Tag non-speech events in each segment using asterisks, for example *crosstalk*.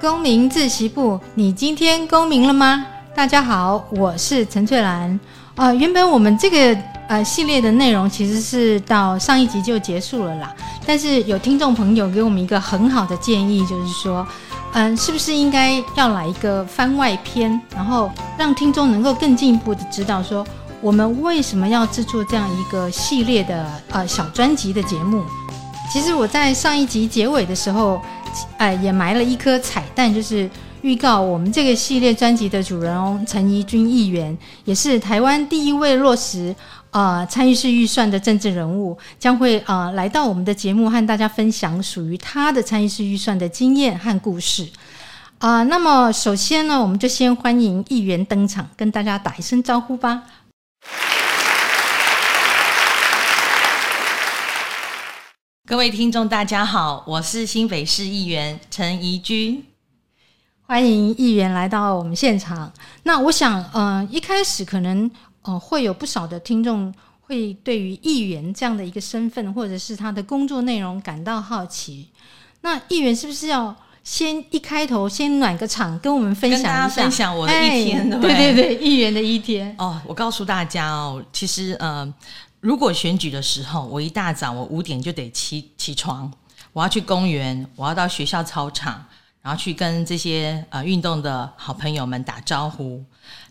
公民自習簿，你今天公民了嗎？大家好，我是陳翠蘭。啊、呃，原本我們這個呃系列的內容其實是到上一集就結束了啦。但是有聽眾朋友給我們一個很好的建議，就是說，嗯、呃，是不是應該要來一個番外篇，然後讓聽眾能夠更進一步的知道說，我們為什麼要制作這樣一個系列的呃小專輯的節目？其實我在上一集結尾的時候。哎，也埋了一顆彩蛋，就是預告我們這個系列專輯的主人翁陳儀君議員，也是台灣第一位落實啊、呃、參與式預算的政治人物，將會啊、呃、來到我們的節目，和大家分享屬於他的參與式預算的經驗和故事啊、呃。那麼，首先呢，我們就先歡迎議員登場，跟大家打一聲招呼吧。各位聽眾，大家好，我是新北市議員陳儀君，歡迎議員來到我們現場。那我想，嗯、呃，一開始可能哦、呃、會有不少的聽眾會對於議員這樣的一個身份，或者是他的工作內容感到好奇。那議員是不是要先一開頭先暖個場，跟我們分享一下？分享我的一天的，欸、對對對，議員的一天。哦，我告訴大家哦，其實呃。如果選舉的時候，我一大早我五點就得起起床，我要去公園，我要到學校操場。要去跟這些呃運動的好朋友們打招呼，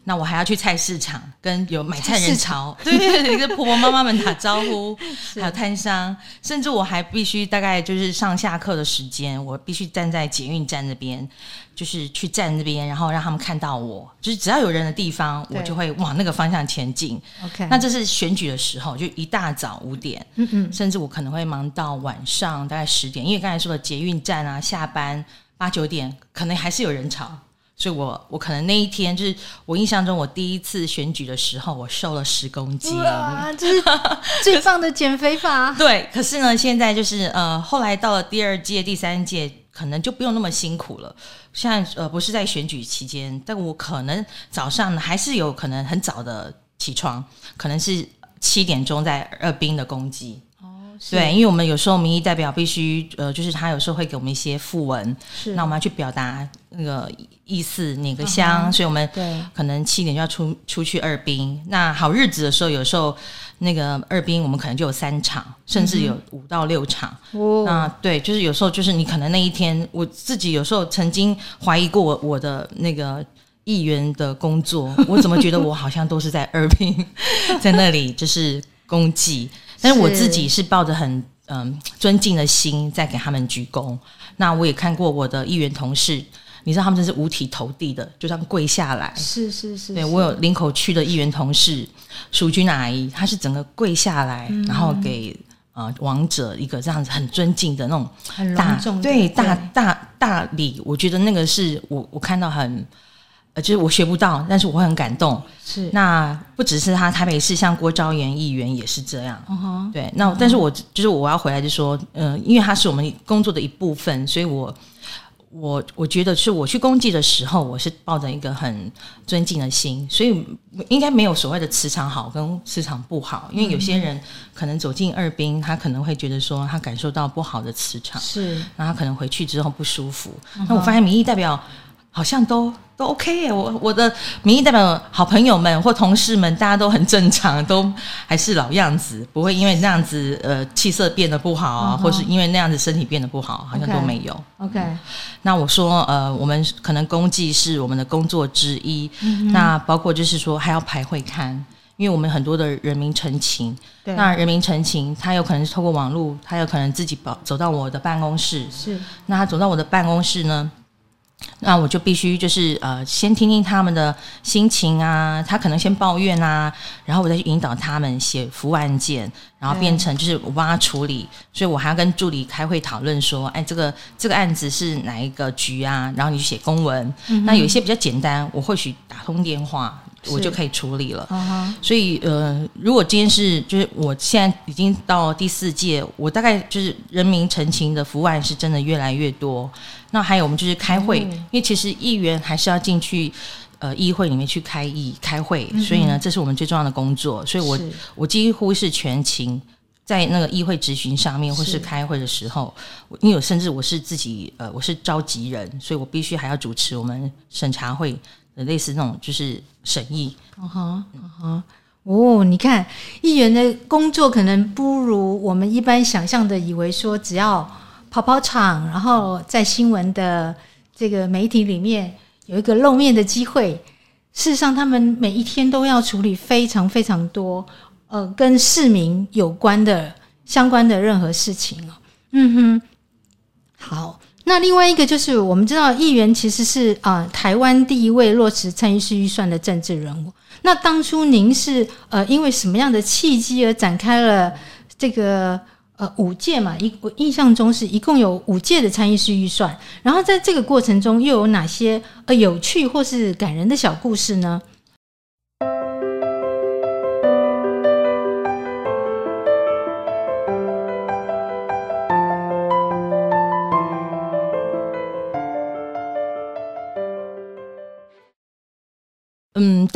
那我還要去菜市場跟有買菜人潮，對對， *laughs* 跟婆婆媽媽們打招呼，是還有攤商，甚至我還必須大概就是上下課的時間，我必須站在捷運站那邊，就是去站那邊，然後讓他們看到我，就是只要有人的地方，對我就會往那個方向前進。OK，那這是選舉的時候，就一大早五點，嗯嗯哼，甚至我可能會忙到晚上大概十點，因為剛才說的捷運站啊，下班。八九點可能還是有人吵，所以我我可能那一天就是我印象中我第一次選舉的時候，我瘦了十公斤。哇，這是最棒的減肥法。 *laughs* 對，可是呢，現在就是呃，後來到了第二屆、第三屆，可能就不用那麼辛苦了。現在呃，不是在選舉期間，但我可能早上還是有可能很早的起床，可能是七點鐘在二冰的攻擊。是對，因為我們有時候民意代表必須呃，就是他有時候會給我們一些副文，是那我們要去表達那個意思哪個鄉，嗯、哼所以我們對可能七點就要出出去二兵。那好日子的時候，有時候那個二兵我們可能就有三場，甚至有五到六場。嗯、哼那對，就是有時候就是你可能那一天，我自己有時候曾經懷疑過我的那個議員的工作，我怎麼覺得我好像都是在二兵， *laughs* 在那裡就是公祭。但是我自己是抱着很嗯尊敬的心在給他們鞠躬。那我也看過我的議員同事，你知道他們真是五體投地的，就這樣跪下來。是是是，是對，對我有林口區的議員同事，淑是君阿姨，她是整個跪下來，嗯、然後給呃王者一個這樣子很尊敬的那種大，很隆重，對大大大禮。我覺得那個是我我看到很。就是我學不到，但是我會很感動。是那不只是他，台北市像郭昭巖議員也是這樣。Uh huh. 對，那、uh huh. 但是我就是我要回來就說，嗯、呃，因為他是我們工作的一部分，所以我我我覺得是我去公祭的時候，我是抱着一個很尊敬的心，所以應該沒有所謂的磁場好跟磁場不好。因為有些人可能走進二殯，他可能會覺得說他感受到不好的磁場，是然後他可能回去之後不舒服。Uh huh. 那我發現民意代表。好像都都 OK 耶，我我的民意代表好朋友們或同事們，大家都很正常，都還是老樣子，不會因為那樣子呃氣色變得不好啊，uh huh. 或是因為那樣子身體變得不好，Okay. 好像都沒有 OK、嗯。那我說呃，我們可能公祭是我們的工作之一，mm hmm. 那包括就是說還要排會勘，因為我們很多的人民陳情，對啊、那人民陳情他有可能是透過網絡，他有可能自己跑走到我的辦公室，是那他走到我的辦公室呢？那我就必須就是呃，先聽聽他們的心情啊，他可能先抱怨啊，然後我再去引導他們寫服務案件，然後變成就是我幫他處理，對所以我還要跟助理開會討論說，哎、欸，這個這個案子是哪一個局啊？然後你去寫公文。嗯、哼那有一些比較簡單，我或許打通電話。是我就可以處理了，uh huh、所以呃，如果今天是就是我現在已經到第四屆，我大概就是人民陳情的服務案是真的越來越多。那還有我們就是開會，mm hmm. 因為其實議員還是要進去呃議會裡面去開議開會，mm hmm. 所以呢，這是我們最重要的工作。所以我，我是我幾乎是全勤在那個議會質詢上面或是開會的時候，是因為我甚至我是自己呃我是召集人，所以我必須還要主持我們審查會。類似那種就是審議、嗯 uh huh, uh huh。哦好，哦好，哦你看，議員的工作可能不如我們一般想象的以為說，只要跑跑場，然後在新聞的這個媒體裡面有一個露面的機會。事實上，他們每一天都要處理非常非常多，呃，跟市民有關的相關的任何事情哦。嗯哼，好。那另外一個就是，我們知道議員其實是啊、呃，台灣第一位落實參與式預算的政治人物。那當初您是呃，因為什麼樣的契機而展開了這個呃五屆嘛？一我印象中是一共有五屆的參與式預算。然後在這個過程中，又有哪些呃有趣或是感人的小故事呢？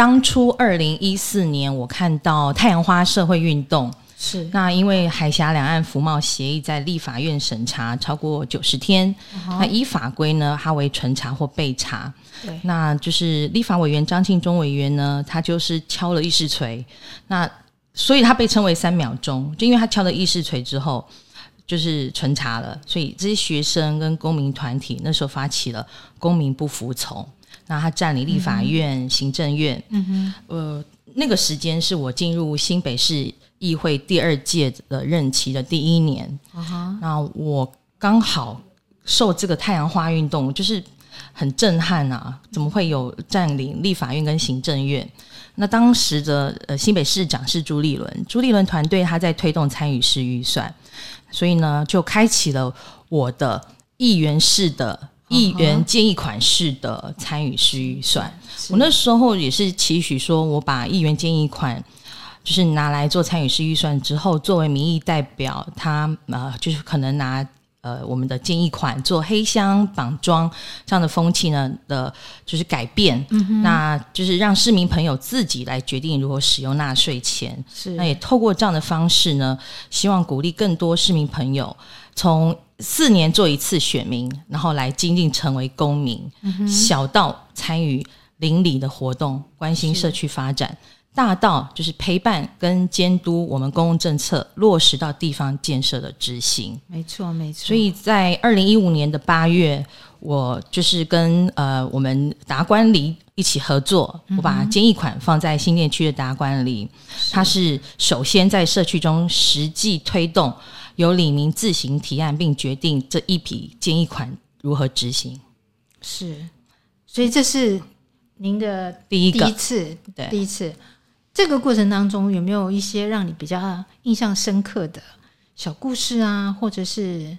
當初二零一四年，我看到太陽花社會運動是那，因為海峽兩岸服貿協議在立法院審查超過九十天，uh huh、那依法規呢，它為存查或備查。對，那就是立法委員張慶忠委員呢，他就是敲了議事錘，那所以他被稱為三秒鐘，就因為他敲了議事錘之後就是存查了，所以這些學生跟公民團體那時候發起了公民不服從。那他佔領立法院，嗯、哼行政院，嗯哼，呃，那個時間是我進入新北市議會第二屆的任期的第一年。啊、哦、哈，那我剛好受這個太陽花運動，就是很震撼啊！怎麼會有佔領立法院跟行政院？嗯、哼那當時的呃新北市長是朱立倫，朱立倫團隊他在推動參與式預算，所以呢，就開啟了我的議員式的。議員建議款式的參與式預算，我那時候也是期許說，我把議員建議款就是拿來做參與式預算之後，作為民意代表，他啊、呃、就是可能拿呃我們的建議款做黑箱綁樁這樣的風氣呢的，就是改變，那就是讓市民朋友自己來決定如何使用納稅錢，是那也透過這樣的方式呢，希望鼓勵更多市民朋友，從四年做一次選民，然後來精進，成為公民，嗯、哼小到參與鄰里的活動，關心社區發展，是大到就是陪伴跟監督我們公共政策落實到地方建設的執行。沒錯，沒錯。所以在二零一五年的八月，我就是跟呃我們達觀里一起合作，嗯、哼我把建議款放在新店區的達觀里，他是，是首先在社區中實際推動。由里民自行提案並決定這一筆建議款如何執行，是，所以這是您的第一,第一個對第一次，第一次這個過程當中有沒有一些讓你比較印象深刻的小故事啊，或者是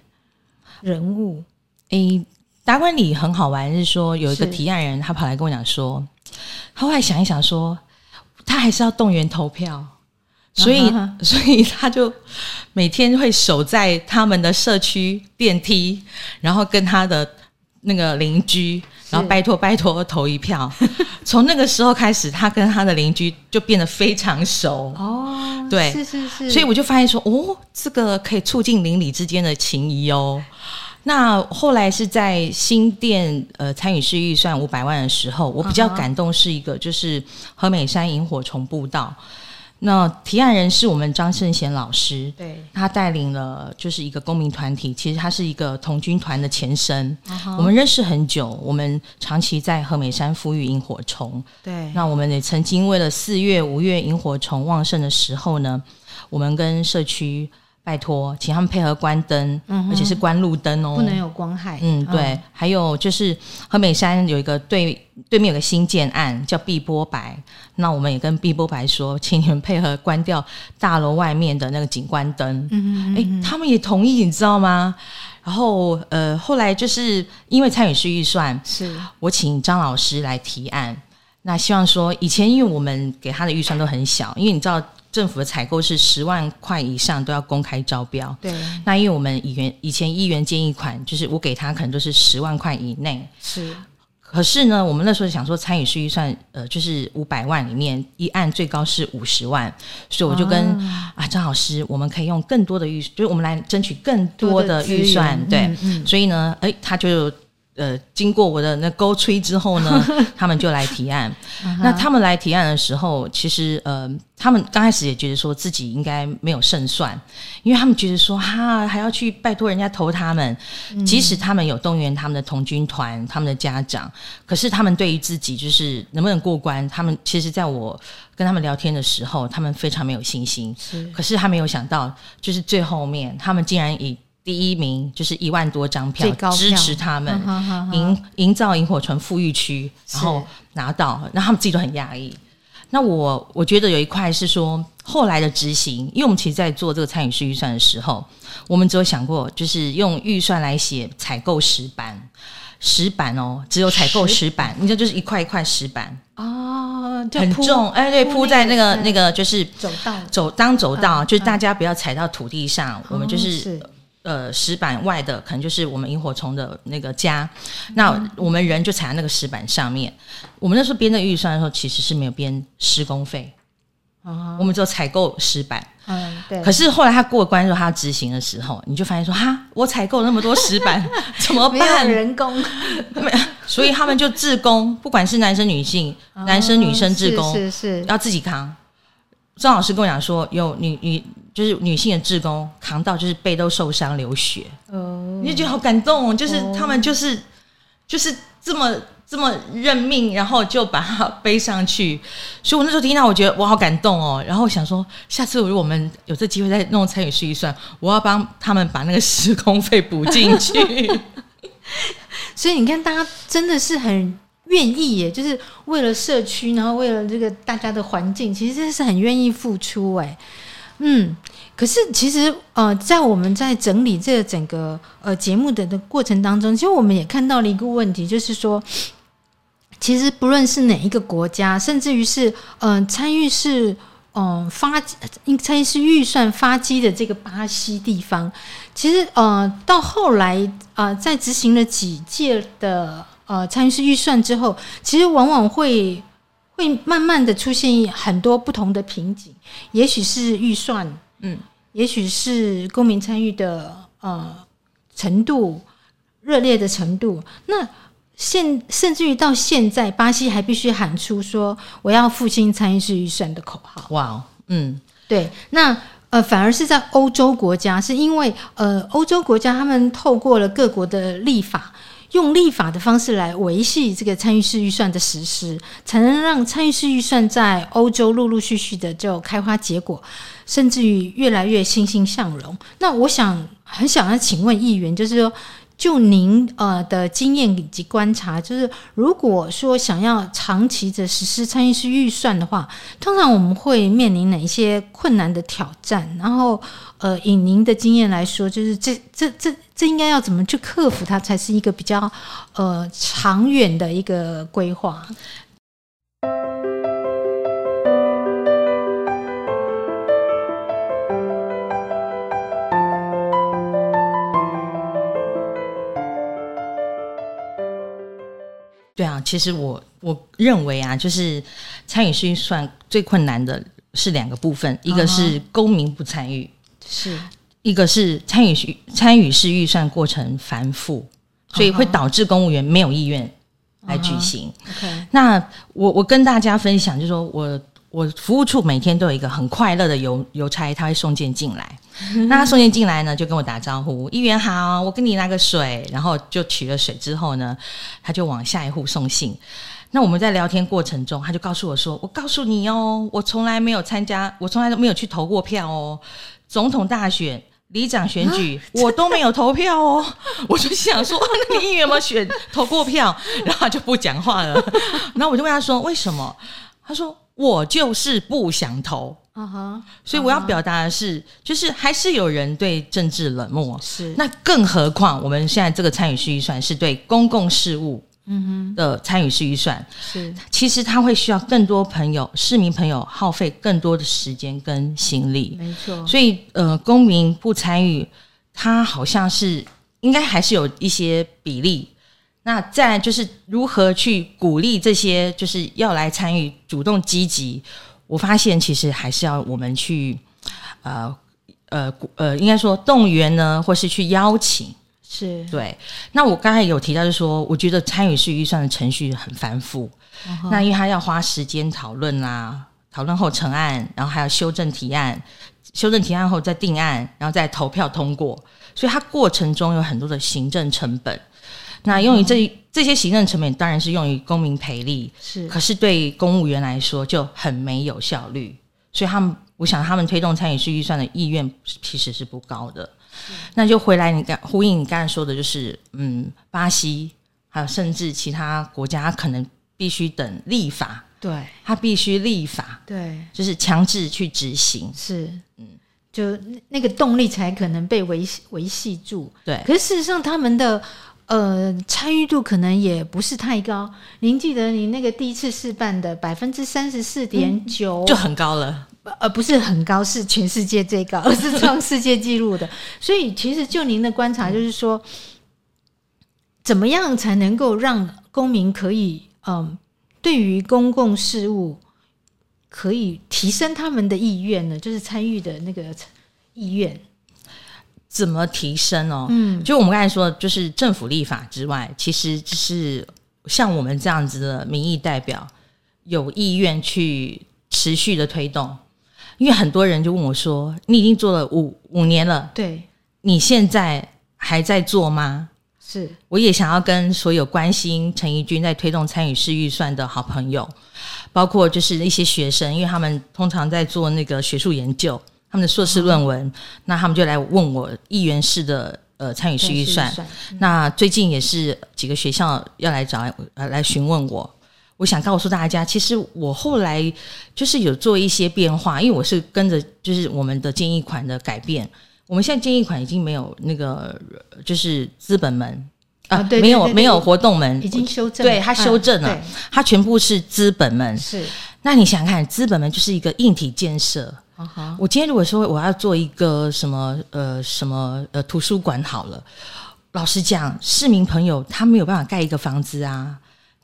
人物？欸，達觀裡很好玩，是說有一個提案人，他跑來跟我講說，他是後來想一想說，他還是要動員投票。所以，uh huh. 所以他就每天會守在他們的社區電梯，然後跟他的那個鄰居，是然後拜托拜托投一票。從 *laughs* 那個時候開始，他跟他的鄰居就變得非常熟。哦，oh, 對，是是是。所以我就發現說，哦，這個可以促進鄰里之間的情誼哦。那後來是在新店呃參與式預算五百萬的時候，我比較感動是一個、uh huh. 就是和美山螢火蟲步道。那提案人是我們張勝賢老師，對，他帶領了就是一個公民團體，其實他是一個童軍團的前身，uh huh、我們認識很久，我們長期在和美山復育螢火蟲，對，那我們也曾經為了四月、五月螢火蟲旺盛的時候呢，我們跟社區，拜託，請他們配合關燈，嗯、哼而且是關路燈哦、喔，不能有光害。嗯，對。嗯、還有就是，和美山有一個對對面有個新建案叫碧波白，那我們也跟碧波白說，請你們配合關掉大樓外面的那個景觀燈。嗯嗯，哼嗯。欸、他們也同意，嗯、哼你知道嗎？然後呃，後來就是因為參與式預算，是我請張老師來提案，那希望說以前因為我們給他的預算都很小，欸、因為你知道。政府的採購是十萬塊以上都要公開招標對。那因為我們以元以前議員建議款，就是我給他可能都是十萬塊以內。是。可是呢，我們那時候想說參與式預算，呃，就是五百萬裡面一案最高是五十萬，所以我就跟啊張、啊、老師，我們可以用更多的預算，就是我們來爭取更多的預算。對。嗯嗯，所以呢，哎、欸，他就。呃，經過我的那勾吹之後呢， *laughs* 他們就來提案。 *laughs* uh、huh 那他們來提案的時候，其實呃，他們剛開始也覺得說自己應該沒有勝算，因為他們覺得說哈、啊、還要去拜託人家投他們，嗯、即使他們有動員他們的童軍團、他們的家長，可是他們對於自己就是能不能過關，他們其實在我跟他們聊天的時候，他們非常沒有信心。是，可是他沒有想到，就是最後面他們竟然以。第一名就是一萬多張票，支持他們，營營造螢火蟲復育區，然後拿到，然後他們自己都很壓抑。那我我覺得有一塊是說後來的執行，因為我們其實，在做這個參與式預算的時候，我們只有想過就是用預算來寫採購石板，石板哦，只有採購石板，你說就是一塊一塊石板啊，很重哎，對，鋪在那個那個就是走道，走當走道，就是大家不要踩到土地上，我們就是。呃，石板外的可能就是我們螢火蟲的那個家，嗯、那我們人就踩在那個石板上面。我們那時候編的預算的時候，其實是沒有編施工費，哦、我們只有採購石板。嗯，對。可是後來他過關的時候，他要執行的時候，你就發現說，哈，我採購那麼多石板 *laughs* 怎麼辦？人工，沒有，所以他們就自工，不管是男生、女性，哦、男生、女生自工，是，是是，要自己扛。張老師跟我講說，有女女。你你就是女性的志工扛到，就是背都受傷流血，你、oh, 就覺得好感動。就是他們就是、oh. 就是這麼這麼認命，然後就把他背上去。所以我那時候聽到，我覺得我好感動哦。然後我想說，下次如果我們有這機會再弄參與式預算，我要幫他們把那個施工費補進去。 *laughs* 所以你看，大家真的是很願意耶，就是為了社區，然後為了這個大家的環境，其實這是很願意付出哎。嗯，可是其實呃，在我們在整理這個整個呃節目的的過程當中，其實我們也看到了一個問題，就是說，其實不論是哪一個國家，甚至於是嗯參與式嗯發參與式預算發跡的這個巴西地方，其實呃到後來啊、呃，在執行了幾屆的呃參與式預算之後，其實往往會。會慢慢的出現很多不同的瓶頸，也許是預算，嗯，也許是公民參與的呃程度、熱烈的程度。那現甚至於到現在，巴西還必須喊出說“我要復興參與式預算”的口號。哇哦，嗯，對。那呃，反而是在歐洲國家，是因為呃，歐洲國家他們透過了各國的立法。用立法的方式來維繫這個參與式預算的實施，才能讓參與式預算在歐洲陸陸續續的就開花結果，甚至於越來越欣欣向榮。那我想很想要請問議員，就是說，就您呃的經驗以及觀察，就是如果說想要長期的實施參與式預算的話，通常我們會面臨哪一些困難的挑戰？然後呃，以您的經驗來說，就是這這這。這應該要怎麼去克服它，才是一個比較呃長遠的一個規劃。對啊，其實我我認為啊，就是參與式預算最困難的是兩個部分，嗯、哼一個是公民不參與，是。一個是參與預參與式預算過程繁複，所以會導致公務員沒有意願來舉行。Uh huh. Uh huh. Okay. 那我我跟大家分享，就是說我我服務處每天都有一個很快樂的郵郵差，他會送件進來。 *laughs* 那他送件進來呢，就跟我打招呼：“議員好，我跟你拿個水。”然後就取了水之後呢，他就往下一戶送信。那我們在聊天過程中，他就告訴我說：“我告訴你哦，我從來沒有參加，我從來都沒有去投過票哦，總統大選。”里長選舉，啊、我都沒有投票哦，我就想說，啊、那你議員有沒有選 *laughs* 投過票？然後他就不講話了，然後我就問他說為什麼？他說我就是不想投，啊哈，所以我要表達的是，啊、哈就是還是有人對政治冷漠，是那更何況我們現在這個參與式預算，是對公共事務。嗯哼的參與式預算是，其實他會需要更多朋友、市民朋友耗費更多的時間跟心力，嗯，沒錯。所以呃，公民不參與，他好像是應該還是有一些比例。那再就是如何去鼓勵這些，就是要來參與，主動積極。我發現其實還是要我們去呃呃呃，應該說動員呢，或是去邀請。是對，那我剛才有提到就是說，就說我覺得參與式預算的程序很繁複，哦、呵那因為他要花時間討論啦、啊，討論後成案，然後還要修正提案，修正提案後再定案，然後再投票通過，所以他過程中有很多的行政成本。那用於這、嗯、這些行政成本，當然是用於公民培力，是，可是對公務員來說就很沒有效率，所以他們，我想他們推動參與式預算的意願其實是不高的。是那就回來你，你剛呼應你剛才說的，就是嗯，巴西還有甚至其他國家，可能必須等立法，對，他必須立法，對，就是強制去執行，是，嗯，就那個動力才可能被維維繫住，對。可是事實上，他們的呃參與度可能也不是太高。您記得您那個第一次試辦的百分之三十四點九，就很高了。呃，而不是很高，是全世界最高，而是創世界紀錄的。 *laughs* 所以，其實就您的觀察，就是說，怎麼樣才能夠讓公民可以，嗯，對於公共事務可以提升他們的意願呢？就是參與的那個意願怎麼提升哦？嗯，就我們剛才說，就是政府立法之外，其實就是像我們這樣子的民意代表有意願去持續的推動。因為很多人就問我說：“你已經做了五五年了，對，你現在還在做嗎？”是，我也想要跟所有關心陳儀君在推動參與式預算的好朋友，包括就是一些學生，因為他們通常在做那個學術研究，他們的碩士論文，哦、那他們就來問我議員式的呃參與式預算。預算嗯、那最近也是幾個學校要來找呃來詢問我。我想告訴大家，其實我後來就是有做一些變化，因為我是跟着就是我們的建議款的改變。我們現在建議款已經沒有那個就是資本門啊，對，對，對，對啊，沒有沒有活動門，已經修正了，對它修正了，它、啊、全部是資本門。是，那你想，想看資本門就是一個硬體建設、uh huh、我今天如果說我要做一個什麼呃什麼呃圖書館好了，老實講，市民朋友他沒有辦法蓋一個房子啊。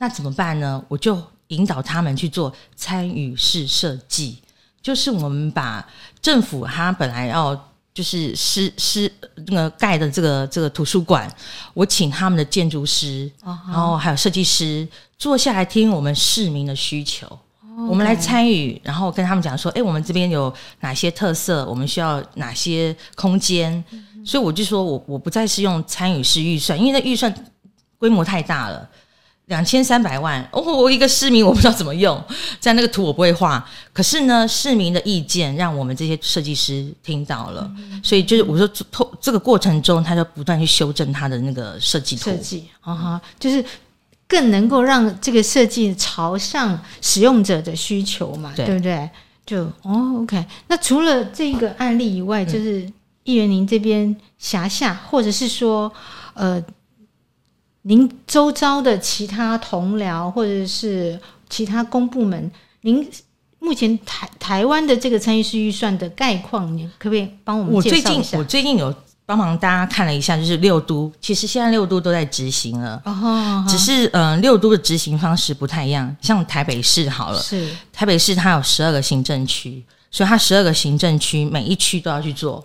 那怎麼辦呢？我就引導他們去做參與式設計，就是我們把政府他本來要就是施施那個蓋的這個這個圖書館，我請他們的建築師，然後還有設計師坐下來聽我們市民的需求，Oh, okay. 我們來參與，然後跟他們講說，哎，我們這邊有哪些特色，我們需要哪些空間，Mm-hmm. 所以我就說我我不再是用參與式預算，因為那預算規模太大了。兩千三百萬哦，我一個市民，我不知道怎麼用，在那個圖我不會畫，可是呢，市民的意見讓我們這些設計師聽到了，嗯、所以就是我說透這個過程中，他就不斷去修正他的那個設計圖，設計啊哈，就是更能夠讓這個設計朝向使用者的需求嘛，對，對不對？就哦，OK，那除了這個案例以外，嗯、就是議員您這邊轄下，或者是說呃。您周遭的其他同僚，或者是其他公部門，您目前台台灣的這個參與式預算的概況，你可不可以幫我們介紹一下我？我最近我最近有幫忙大家看了一下，就是六都，其實現在六都都在執行了，oh, oh, oh, oh. 只是嗯、呃，六都的執行方式不太一樣。像台北市好了，是台北市它有十二個行政區，所以它十二個行政區每一區都要去做。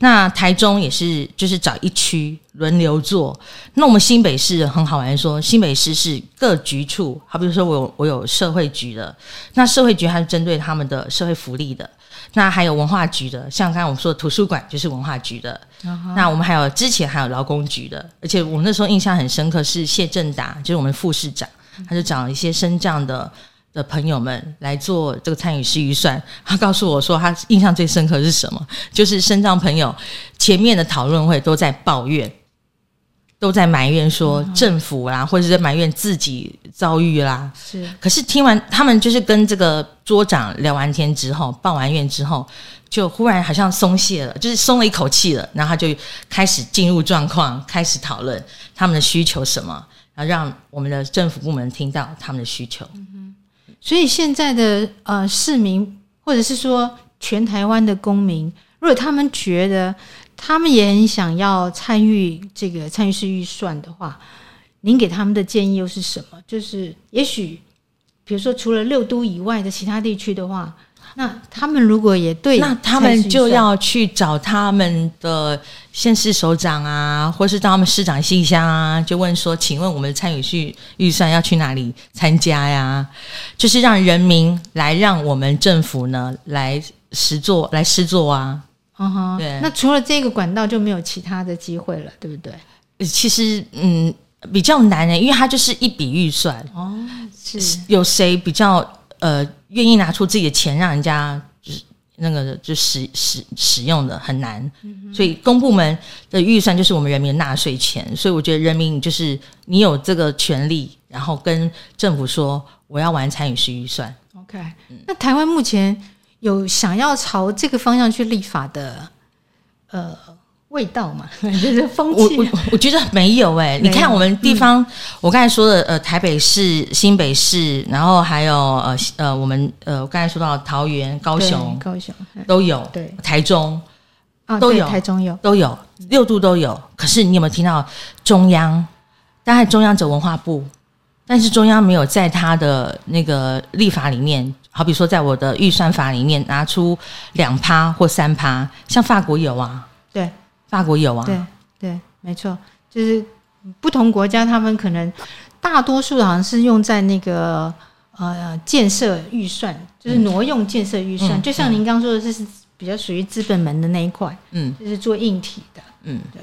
那台中也是，就是找一區輪流做。那我們新北市很好玩的說，說新北市是各局處，好比如說我有我有社會局的，那社會局它是針對他們的社會福利的。那還有文化局的，像剛才我們說的圖書館就是文化局的。Uh huh. 那我們還有之前還有勞工局的，而且我們那時候印象很深刻是謝政達，就是我們副市長，他就找了一些升降的的朋友們來做這個參與式預算，他告訴我說，他印象最深刻是什麼？就是身障朋友前面的討論會都在抱怨，都在埋怨說政府啦，嗯、哼或者是埋怨自己遭遇啦。是。可是聽完他們就是跟這個桌長聊完天之後，抱完怨之後，就忽然好像鬆懈了，就是鬆了一口氣了。然後他就開始進入狀況，開始討論他們的需求什麼，然後讓我們的政府部門聽到他們的需求。嗯。所以現在的呃市民，或者是說全台灣的公民，如果他們覺得他們也很想要參與這個參與式預算的話，您給他們的建議又是什麼？就是也許，比如說除了六都以外的其他地區的話。那他們如果也對，那他們就要去找他們的縣市首長啊，或是找他們市長信箱啊，就問說：“請問我們的參與式預算要去哪裡參加呀、啊？”就是讓人民來，讓我們政府呢來實做，來實做啊。哈哈、嗯哼，對那除了這個管道就沒有其他的機會了，對不對？其實，嗯，比較難的、欸，因為它就是一筆預算哦，是有誰比較？呃，願意拿出自己的錢，讓人家就是那個就使使使用的很難，嗯哼，所以公部門的預算就是我們人民的納稅錢，所以我覺得人民就是你有這個權利，然後跟政府說我要玩參與式預算。OK，、嗯、那台灣目前有想要朝這個方向去立法的，呃。味道嘛，就是風氣。我，我，我覺得沒有哎、欸，有，你看我們地方，嗯、我剛才說的呃，台北市、新北市，然後還有呃呃，我們呃，我剛才說到的桃園、高雄、高雄都有，對，台中啊都有，台中有都有六都都有。可是你有沒有聽到中央？當然中央是文化部，但是中央沒有在他的那個立法裡面，好比說在我的預算法裡面拿出兩趴或三趴，像法國有啊，對。法國也有啊，對，對對，沒錯，就是不同國家，他們可能大多數好像是用在那個呃建設預算，就是挪用建設預算，嗯，就像您剛說的，這是比較屬於資本門的那一塊，嗯，就是做硬體的，嗯，對。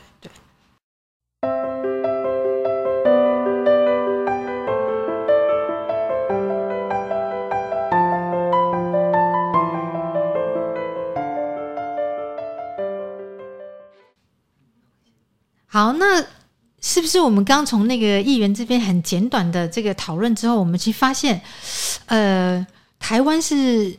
好，那是不是我們剛從那個議員這邊很簡短的這個討論之後，我們其實發現，呃，台灣是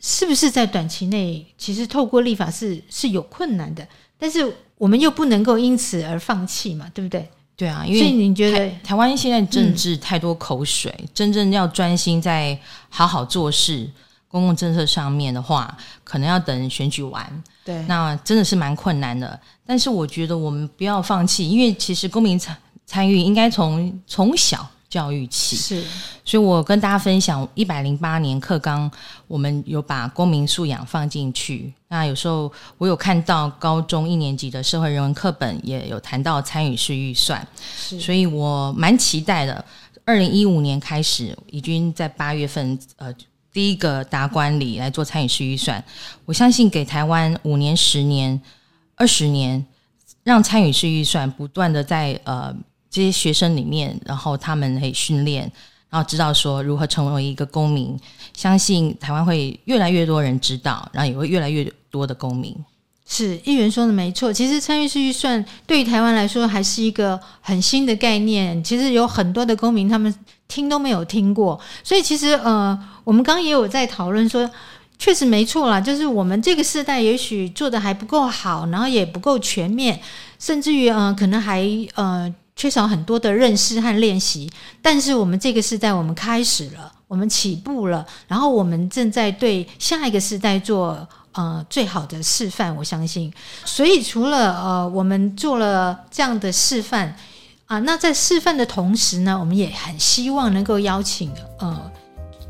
是不是在短期內其實透過立法是是有困難的，但是我們又不能夠因此而放棄嘛，對不對？對啊，因為所以你覺得台，台灣現在政治太多口水，嗯，真正要專心在好好做事。公共政策上面的話，可能要等選舉完。對，那真的是蠻困難的。但是我覺得我們不要放棄，因為其實公民參參與應該從從小教育起。是，所以我跟大家分享，一百零八年課綱，我們有把公民素養放進去。那有時候我有看到高中一年級的社會人文課本也有談到參與式預算。是，所以我蠻期待的。二零一五年開始，已經在八月份呃。第一個達觀里來做參與式預算，我相信給台灣五年、十年、二十年，讓參與式預算不斷的在呃這些學生裡面，然後他們可以訓練，然後知道說如何成為一個公民。相信台灣會越來越多人知道，然後也會越來越多的公民。是議員說的沒錯，其實參與式預算對於台灣來說還是一個很新的概念。其實有很多的公民他們。聽都沒有聽過，所以其實呃，我們剛剛也有在討論說，確實沒錯啦，就是我們這個世代也許做得還不夠好，然後也不夠全面，甚至於呃，可能還呃缺少很多的認識和練習。但是我們這個世代，我們開始了，我們起步了，然後我們正在對下一個世代做呃最好的示範。我相信，所以除了呃，我們做了這樣的示範。啊，那在示範的同時呢，我們也很希望能夠邀請呃，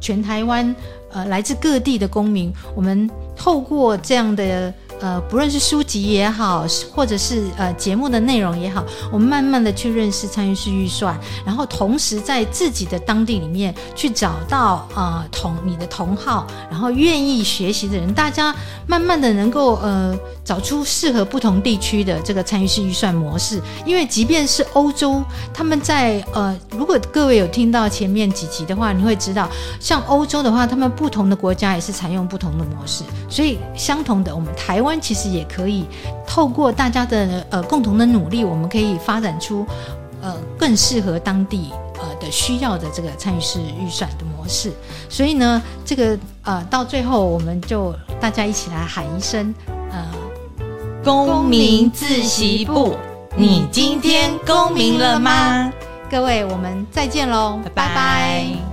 全台灣呃來自各地的公民，我們透過這樣的呃，不論是書籍也好，或者是呃節目的內容也好，我們慢慢的去認識參與式預算，然後同時在自己的當地裡面去找到啊、呃、同你的同好，然後願意學習的人，大家慢慢的能夠呃。找出適合不同地區的這個參與式預算模式，因為即便是歐洲，他們在呃，如果各位有聽到前面幾集的話，你會知道，像歐洲的話，他們不同的國家也是採用不同的模式。所以，相同的，我們台灣其實也可以透過大家的呃共同的努力，我們可以發展出呃更適合當地呃的需要的這個參與式預算的模式。所以呢，這個呃到最後，我們就大家一起來喊一聲呃。公民自習簿，習簿你今天公民了嗎？了嗎？各位，我們再見嘍，拜拜。拜拜。